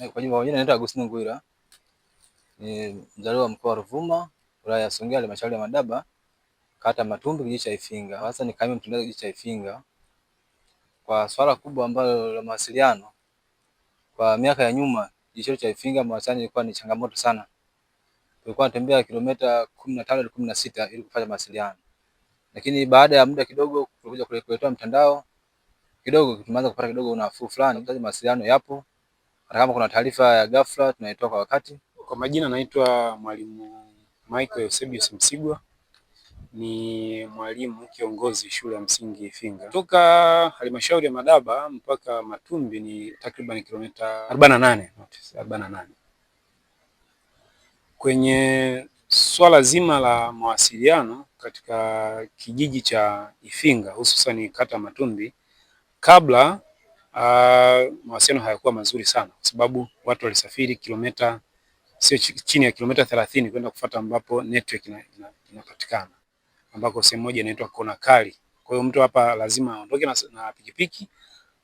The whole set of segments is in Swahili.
Eh, kwa jina mwingine anaitwa Agustino Ngwira. Ni eh, mzaliwa wa mkoa wa Ruvuma, wilaya ya Songea, halmashauri ya Madaba, kata Matumbi, kijiji cha Ifinga. Sasa ni kaimu mtendaji kijiji cha Ifinga. Kwa swala kubwa ambalo la mawasiliano, kwa miaka ya nyuma kijiji chetu cha Ifinga mawasiliano ilikuwa ni changamoto sana. Tulikuwa tunatembea kilomita 15 na tano hadi kumi ili kufanya mawasiliano. Lakini baada ya muda kidogo kuja kuletwa mtandao kidogo tumeanza kupata kidogo unafuu fulani, mawasiliano yapo na kama kuna taarifa ya ghafla tunaitoa kwa wakati. Kwa majina, naitwa Mwalimu Michael Eusebius Msigwa, ni mwalimu kiongozi shule ya msingi Ifinga. Kutoka halmashauri ya Madaba mpaka Matumbi ni takriban kilomita 48, 48. Kwenye swala zima la mawasiliano katika kijiji cha Ifinga hususani kata Matumbi kabla Uh, mawasiliano hayakuwa mazuri sana kwa sababu watu walisafiri kilomita sio chini ya kilomita thelathini kwenda kufuata ambapo network inapatikana ambako sehemu moja inaitwa Kona Kali. Kwa hiyo mtu hapa lazima aondoke na, na pikipiki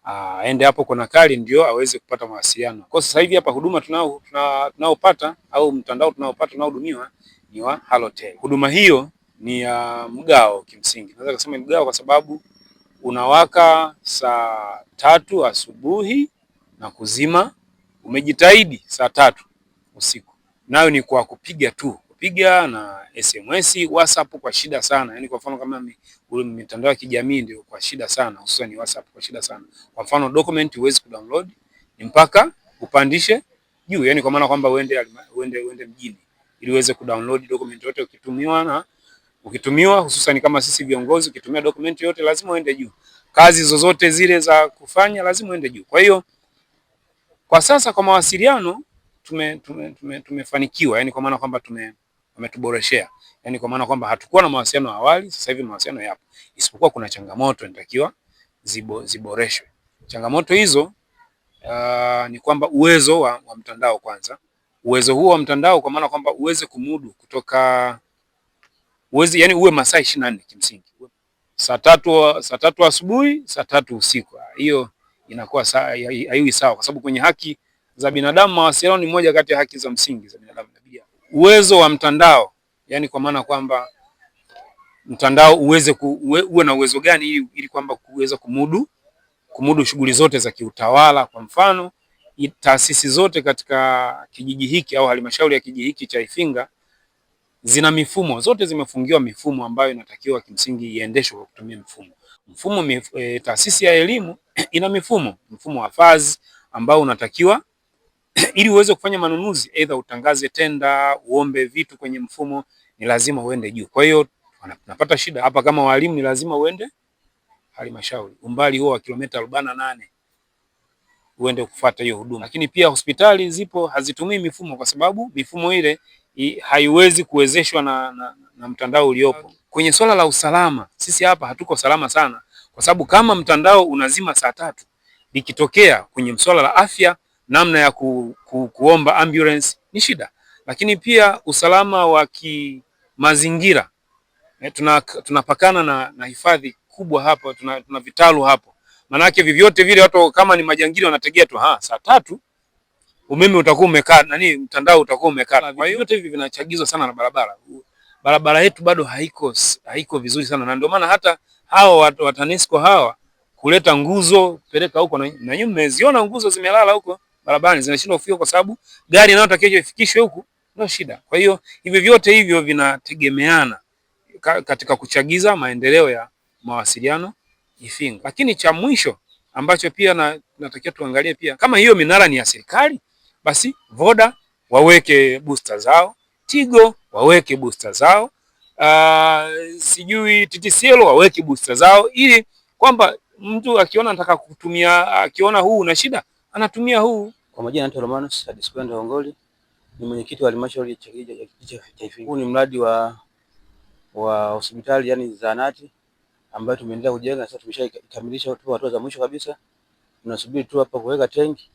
ah, aende hapo Kona Kali ndio aweze kupata mawasiliano. Kwa sasa hivi hapa huduma tunaopata tuna, au mtandao tunaopata tunaohudumiwa ni wa Halotel. Huduma hiyo ni ya uh, mgao kimsingi. Naweza kusema mgao kwa sababu unawaka saa tatu asubuhi na kuzima, umejitahidi saa tatu usiku, nayo ni kwa kupiga tu, kupiga na SMS, WhatsApp kwa shida sana. Yani kwa mfano kama mitandao ya kijamii ndio kwa shida sana, hususan WhatsApp kwa shida sana. Kwa mfano document huwezi kudownload, ni mpaka upandishe juu, yani kwa maana kwamba uende uende uende mjini ili uweze kudownload document yote ukitumiwa na ukitumiwa hususan kama sisi viongozi, ukitumia dokumenti yote lazima uende juu, kazi zozote zile za kufanya lazima uende juu. Kwa hiyo kwa sasa kwa mawasiliano tume, tume, tume, tumefanikiwa yani kwa maana kwamba tume wametuboreshea yani kwa maana kwamba hatukuwa na mawasiliano awali, sasa hivi mawasiliano yapo, isipokuwa kuna changamoto inatakiwa zibo, ziboreshwe. Changamoto hizo uh, ni kwamba uwezo wa, wa mtandao kwanza, uwezo huo wa mtandao kwa maana kwamba uweze kumudu kutoka uwezi, yani uwe masaa 24 kimsingi, saa tatu saa tatu asubuhi, saa tatu usiku, hiyo inakuwa haiwi sawa, kwa sababu kwenye haki za binadamu mawasiliano ni moja kati ya haki za msingi za binadamu. Uwezo wa mtandao, yani kwa maana kwamba mtandao uweze ku, uwe, uwe na uwezo gani ili, ili kwamba kuweza kumudu kumudu shughuli zote za kiutawala. Kwa mfano taasisi zote katika kijiji hiki au halmashauri ya kijiji hiki cha Ifinga zina mifumo zote, zimefungiwa mifumo ambayo inatakiwa kimsingi iendeshwe kwa kutumia mifumo mfumo mif, e, taasisi ya elimu ina mifumo, mfumo wa fazi ambao unatakiwa ili uweze kufanya manunuzi, aidha utangaze tenda, uombe vitu kwenye mfumo, ni lazima uende juu. Kwa hiyo napata shida hapa kama walimu, ni lazima uende halmashauri umbali huo wa kilomita arobaini nane uende kufuata hiyo huduma. Lakini pia hospitali zipo hazitumii mifumo, kwa sababu mifumo ile haiwezi kuwezeshwa na, na, na mtandao uliopo. Kwenye swala la usalama, sisi hapa hatuko salama sana, kwa sababu kama mtandao unazima saa tatu, likitokea kwenye swala la afya, namna ya ku, ku, kuomba ambulance ni shida, lakini pia usalama wa kimazingira eh, tunapakana tuna na, na hifadhi kubwa hapo tuna, tuna vitalu hapo, maanake vyovyote vile watu kama ni majangili wanategea tu ah, saa tatu umeme utakuwa umekaa nani, mtandao utakuwa umekaa. Kwa hiyo vyote hivi vinachagizwa sana na barabara. Barabara yetu bado haiko, haiko vizuri sana, na ndio maana hata hawa watu wa TANESCO hawa kuleta nguzo kupeleka huko, na nyinyi mmeziona nguzo zimelala huko barabarani zinashindwa kufika kwa sababu gari inayotakiwa ifikishwe huku ndio shida. Kwa hiyo hivi vyote hivyo vinategemeana katika kuchagiza maendeleo ya mawasiliano Ifinga. Lakini cha mwisho ambacho pia na, natakiwa tuangalie pia kama hiyo minara ni ya serikali basi Voda waweke booster zao, Tigo waweke booster zao, uh, sijui TTCL waweke booster zao, ili kwamba mtu akiona anataka kutumia, akiona huu una shida anatumia huu. Kwa majina naitwa Romanus Adispenda Ongoli, ni mwenyekiti wa halmashauri ya Huu ni mradi wa wa hospitali yani zahanati ambayo tumeendelea kujenga, sasa tumeshakamilisha hatua za mwisho kabisa, tunasubiri tu hapa kuweka tenki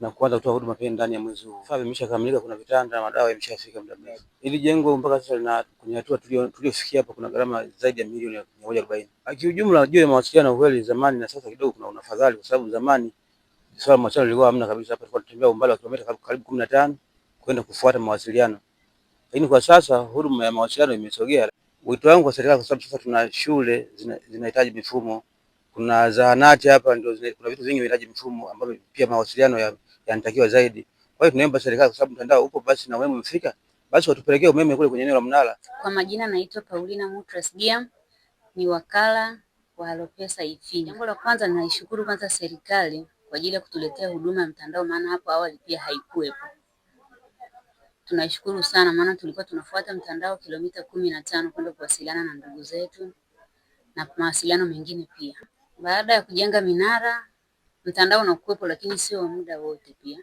na kuanza kutoa huduma pia ndani ya mwezi huu. Vifaa vimeshakamilika, kuna vitanda na madawa yameshafika muda mrefu. Hili jengo mpaka sasa lina kwenye hatua tuliofikia hapa kuna gharama zaidi ya milioni 140. Akiujumla juu ya mawasiliano kweli, zamani na sasa kidogo kuna unafadhali, kwa sababu zamani swala mawasiliano lilikuwa hamna kabisa. Hapa tulikuwa tunatembea umbali wa kilomita karibu 15 kwenda kufuata mawasiliano, lakini kwa sasa huduma ya mawasiliano imesogea. Wito wangu kwa serikali, kwa sababu sasa tuna shule zinahitaji zina mifumo kuna zahanati hapa, ndio kuna vitu vingi vinahitaji mfumo ambavyo pia mawasiliano yanatakiwa ya zaidi. Kwa hiyo tunaomba serikali, kwa sababu mtandao upo, basi na umeme umefika, basi watupelekee umeme kule kwenye eneo la Mnara. Kwa majina naitwa Paulina Mutras Gam, ni wakala wa Alopesa Ifini. Jambo la kwanza ninaishukuru kwanza serikali kwa ajili ya kutuletea huduma ya mtandao, maana hapo awali pia haikuwepo. Tunashukuru sana, maana tulikuwa tunafuata mtandao kilomita kumi na tano kwenda kuwasiliana na ndugu zetu na mawasiliano mengine pia. Baada ya kujenga minara, mtandao unakuwepo, lakini sio muda wote. Pia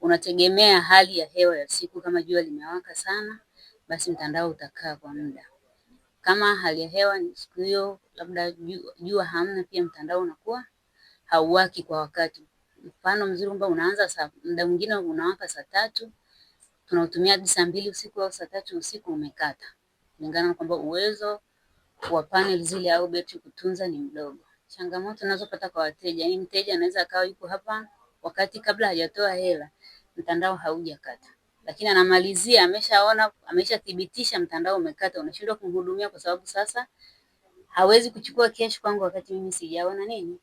unategemea hali ya hewa ya siku. Kama jua limewaka sana, basi mtandao utakaa kwa muda. Kama hali ya hewa ni siku hiyo labda jua hamna, pia mtandao unakuwa hauwaki kwa wakati. Mfano mzuri kwamba unaanza saa, muda mwingine unawaka saa tatu, tunautumia hadi saa mbili usiku au saa tatu usiku umekata, kulingana kwamba uwezo wa panel zile au betri kutunza ni mdogo. Changamoto ninazopata kwa wateja, yaani mteja anaweza akawa yuko hapa wakati kabla hajatoa hela mtandao haujakata, lakini anamalizia ameshaona, ameshathibitisha mtandao umekata, unashindwa kumhudumia kwa sababu sasa hawezi kuchukua kesh kwangu wakati mimi sijaona nini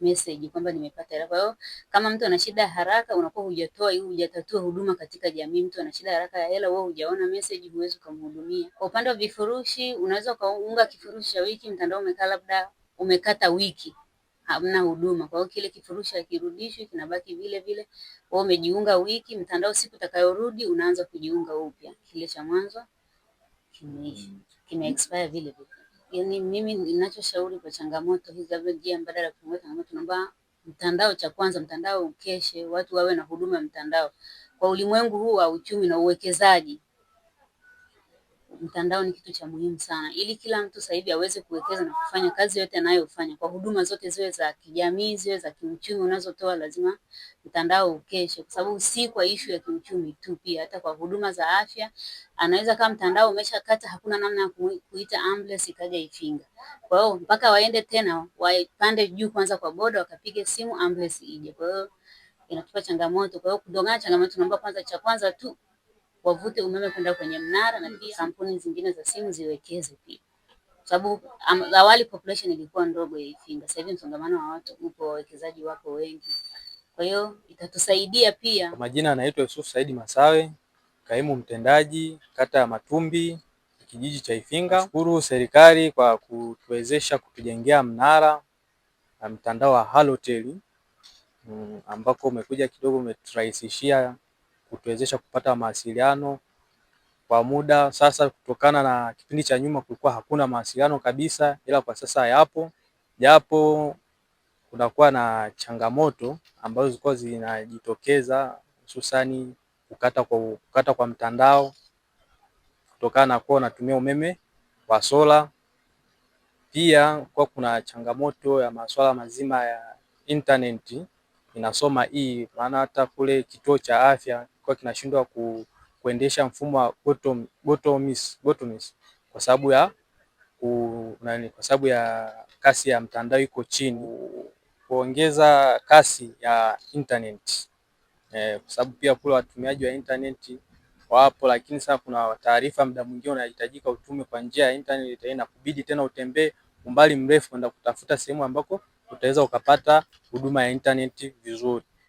message kwamba nimepata hela. Kwa hiyo kama mtu ana shida haraka, unakuwa hujatoa hiyo, hujatatua huduma katika jamii. Mtu ana shida haraka ya hela, wewe hujaona message, huwezi kumhudumia. Kwa upande wa vifurushi, unaweza ukaunga kifurushi cha wiki, mtandao umekaa labda umekata wiki hamna huduma. Kwa hiyo kile kifurushi hakirudishwi, kinabaki vile vile. Wewe umejiunga wiki, mtandao siku utakayorudi unaanza kujiunga upya, kile cha mwanzo kimeisha, kime expire vile vile. Yani mimi ninachoshauri kwa changamoto hizi, labda njia mbadala ya changamoto, naomba mtandao, cha kwanza mtandao ukeshe, watu wawe na huduma ya mtandao. Kwa ulimwengu huu wa uchumi na uwekezaji, mtandao ni kitu cha muhimu sana, ili kila mtu sasa hivi aweze kuwekeza na kufanya kazi yote anayofanya kwa huduma zote, ziwe za kijamii, ziwe za kiuchumi unazotoa, lazima mtandao ukeshe, kwa sababu si kwa ishu ya kiuchumi tu, pia hata kwa huduma za afya anaweza kama mtandao umeshakata, hakuna namna ya kuita ambulance ikaja ifinga. Kwa hiyo mpaka waende tena wapande juu kwanza kwa boda, wakapige simu ambulance ije. Kwa hiyo inatupa changamoto. Kwa hiyo kudogana changamoto, naomba kwanza, cha kwanza tu wavute umeme kwenda kwenye mnara na pia kampuni zingine za simu ziwekeze pia, sababu awali population ilikuwa ndogo ya Ifinga. Sasa hivi msongamano wa watu upo, wawekezaji wako wengi, kwa hiyo itatusaidia pia. Kwa majina anaitwa Yusuf Saidi Masawe, kaimu mtendaji kata ya Matumbi kijiji cha Ifinga. Shukuru serikali kwa kutuwezesha kutujengea mnara na mtandao wa Halotel mm, ambako umekuja kidogo umeturahisishia kutuwezesha kupata mawasiliano kwa muda sasa. Kutokana na kipindi cha nyuma kulikuwa hakuna mawasiliano kabisa, ila kwa sasa yapo, japo kunakuwa na changamoto ambazo zilikuwa zinajitokeza hususani kukata kwa, kukata kwa mtandao kutokana na kuwa unatumia umeme wa sola. Pia kuwa kuna changamoto ya masuala mazima ya intaneti inasoma hii, maana hata kule kituo cha afya kilikuwa kinashindwa ku, kuendesha mfumo wa GOTOMIS kwa sababu ya ku, nani, kwa sababu ya kasi ya mtandao iko chini, kuongeza kasi ya internet eh, kwa sababu pia kule watumiaji wa internet wapo, lakini sasa kuna taarifa muda mwingine unahitajika utume kwa njia ya internet, kubidi tena utembee umbali mrefu kwenda kutafuta sehemu ambako utaweza ukapata huduma ya internet vizuri.